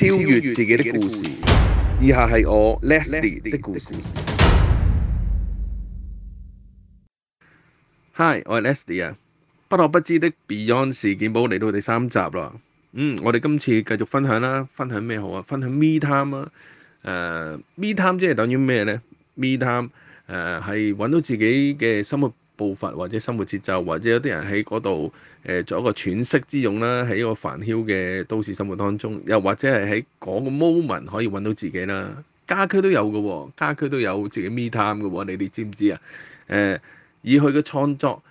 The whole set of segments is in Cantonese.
超越自己的故事，以下係我 Leslie 的故事。我故事 Hi，我係 Leslie 啊！不可不知的 Beyond 事件簿嚟到第三集啦。嗯，我哋今次繼續分享啦，分享咩好啊？分享 Me Time 啊。誒、呃、Me Time 即係等於咩呢？Me Time 誒係搵到自己嘅生活。步伐或者生活節奏，或者有啲人喺嗰度誒做一個喘息之用啦，喺個繁囂嘅都市生活當中，又或者係喺嗰個 moment 可以揾到自己啦。家居都有嘅喎、哦，家居都有自己 me time 嘅喎、哦，你哋知唔知啊？誒、呃，以佢嘅創作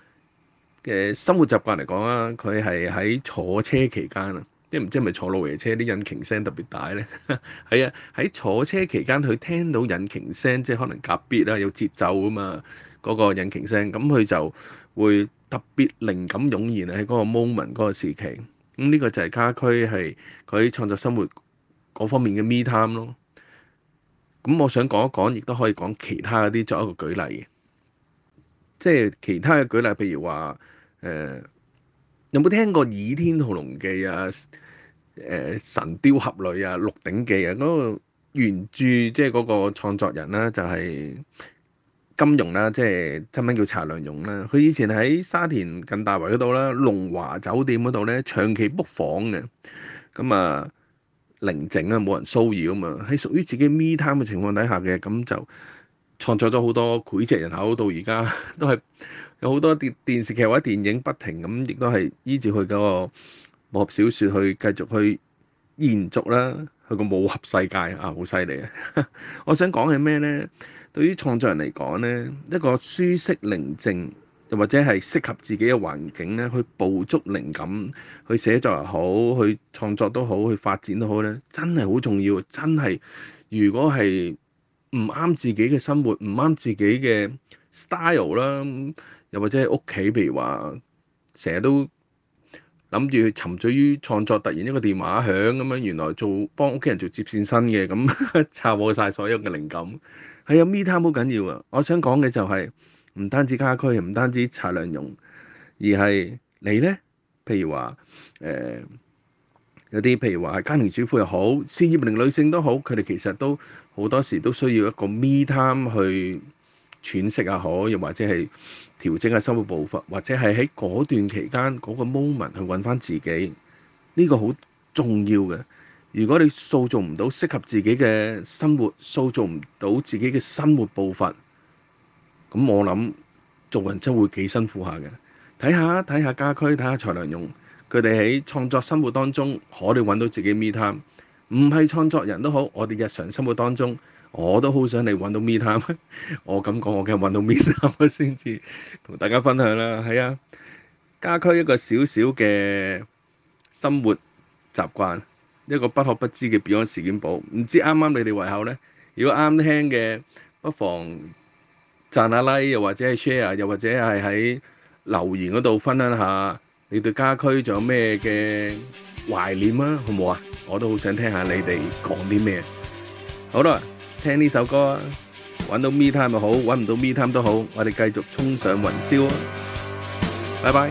嘅、呃、生活習慣嚟講啊，佢係喺坐車期間啊。即係唔知係咪坐老爺車啲引擎聲特別大咧？係 啊，喺坐車期間佢聽到引擎聲，即係可能夾 beat 啦，有節奏啊嘛，嗰、那個引擎聲，咁佢就會特別靈感湧現喺嗰個 moment 嗰個時期。咁呢個就係家駒係佢創作生活嗰方面嘅 me time 咯。咁我想講一講，亦都可以講其他啲作一個舉例嘅，即係其他嘅舉例，譬如話誒。呃有冇聽過《倚天屠龍記》啊？誒、呃《神鵰俠侶》啊，《鹿鼎記》啊？嗰、那個原著即係嗰個創作人啦、啊，就係、是、金庸啦、啊，即、就、係、是、真名叫查良鏞啦、啊。佢以前喺沙田近大圍嗰度啦，龍華酒店嗰度咧長期 book 房嘅咁啊，寧靜啊，冇人騷擾啊嘛，喺屬於自己 me time 嘅情況底下嘅咁就。創作咗好多膾炙人口，到而家都係有好多電電視劇或者電影不停咁，亦都係依照佢個武俠小說去繼續去延續啦。佢個武俠世界啊，好犀利啊！ 我想講係咩呢？對於創作人嚟講呢，一個舒適寧靜又或者係適合自己嘅環境咧，去捕捉靈感，去寫作又好，去創作都好，去發展都好咧，真係好重要。真係如果係。唔啱自己嘅生活，唔啱自己嘅 style 啦，又或者喺屋企，譬如話成日都諗住沉醉於創作，突然一個電話響，咁樣原來做幫屋企人做接線生嘅，咁插破晒所有嘅靈感。係啊 me time 好緊要啊！我想講嘅就係、是、唔單止家居，唔單止柴亮容，而係你咧，譬如話。誒、呃。有啲譬如話家庭主婦又好，事業型女性都好，佢哋其實都好多時都需要一個 me time 去喘息下，可又或者係調整下生活步伐，或者係喺嗰段期間嗰個 moment 去揾翻自己，呢個好重要嘅。如果你塑造唔到適合自己嘅生活，塑造唔到自己嘅生活步伐，咁我諗做人真會幾辛苦下嘅。睇下睇下家居，睇下材料用。佢哋喺創作生活當中，可哋揾到自己 m e t i m e，唔係創作人都好。我哋日常生活當中，我都好想嚟揾到 m e t i m e 我咁講，我梗嘅揾到 m e t i m e 先至同 大家分享啦。係啊，家居一個小小嘅生活習慣，一個不可不知嘅 Beyond 時間簿。唔知啱啱你哋胃口呢？如果啱聽嘅，不妨贊下 l 又或者係 share，又或者係喺留言嗰度分享下。你對家駒仲有咩嘅懷念啊？好唔好啊？我都好想聽下你哋講啲咩。好啦，聽呢首歌啊，揾到 me time 咪好，揾唔到 me time 都好，我哋繼續衝上雲霄啊！拜拜。